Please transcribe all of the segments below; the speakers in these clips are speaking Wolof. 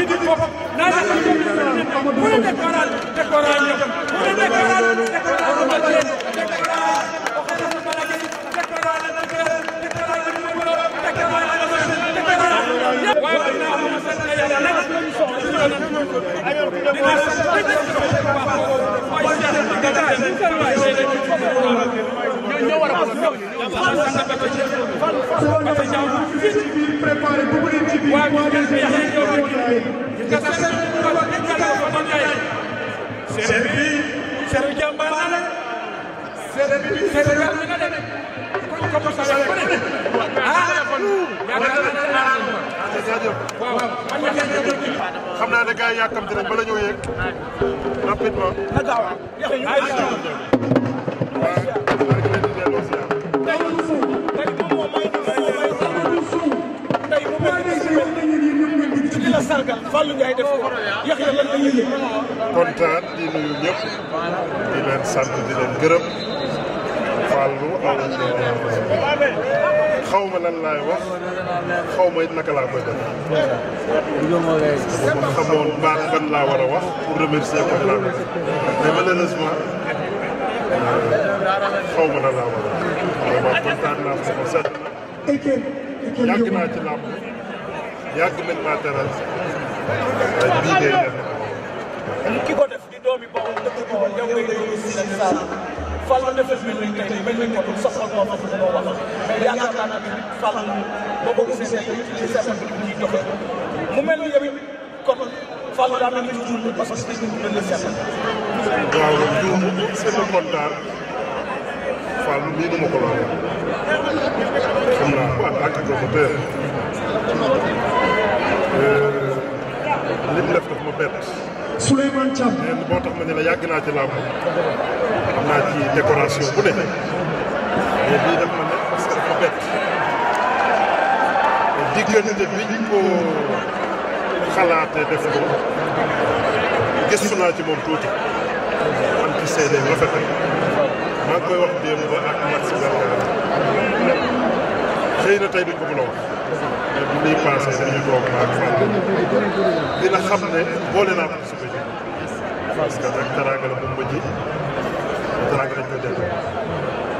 gidi fof nana ko jomiraɗo ko ɗum dekoral dekoral dekoral dekoral ndaw ñi ñoom sax sax nga ko ci parce que jaamu ci na sere bi sere ka nga def naa waaw man yaakaar naa ne xam naa ne gars la sargal Fallou Ndiaye def ko Yaxya lan la yëgee. kontaan di nuyu ñëpp di leen sant di leen gërëm Fallou aw xaw ma lan laay wax xaw ma it naka laa koy def. bu ma xamoon baax ban laa war a wax pour remercier ko laa ko mais malheureusement euh, xaw ma lan laa war a wax. vraiment kontaan naa ko ba sedd na. yàgg naa ci làmb. yàgg nañ maa teral waaye lii ngay def. ki ko def di doomi boppam dëkk boppam yow ngay doomi si nag saa Fall nga defee mel ni tey mel ni ko du soxla ko wax ko wax mais yaakaar naa ne Fall boo ko gisee tamit ci seetlu bi ñuy doxee mu mel ni yow it kon Fall daa mel ni toujours parce que dañu mel ni seetlu. waaw juum c'est le contraire Fall lii dama ko laal xam naa ko en tant que promoteur Souleymane Thiam. léegi boo tax ma ne la yàgg naa ci làmb am naa ci décoration bu ne mais bii daf ma ne parce que dafa bett diggante bi ñu ko xalaatee def ko gëstu naa ci moom tuuti am ci seede rafet maa koy wax démb ba ak Max Vergara xëy na tey duñ ko mën a wax. bi muy passé dañu toog maag Fatou dina xam ne boole naa ko ci suba ji parce que nag la bu ma ji teraanga lañ ko delloo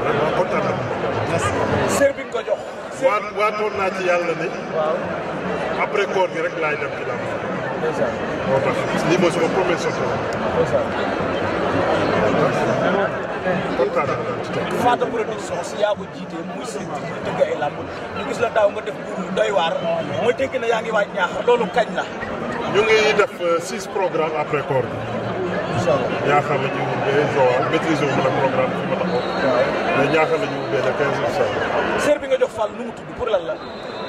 vraiment kontaan na nga ko jox waat waatoon naa ci yàlla ne après koor gi rek laay dem ci moo tax lii mooy suma première sortie Fata production si yaa ko jiite muy si tëgg ay làmb ñu gis la daaw nga def doy waar ma dégg na yaa ngi waaj ñaax loolu kañ la ñu ngi def euh, six programmes après koor bi ñaaxal la ñu ubbee Joal maîtrise wu ma la programme bi ma taxaw mais ñaaxal la ñu ubbee seer bi nga jox Fall nu mu tudd pour lan la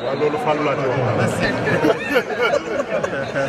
waaw loolu Fall laa ci wax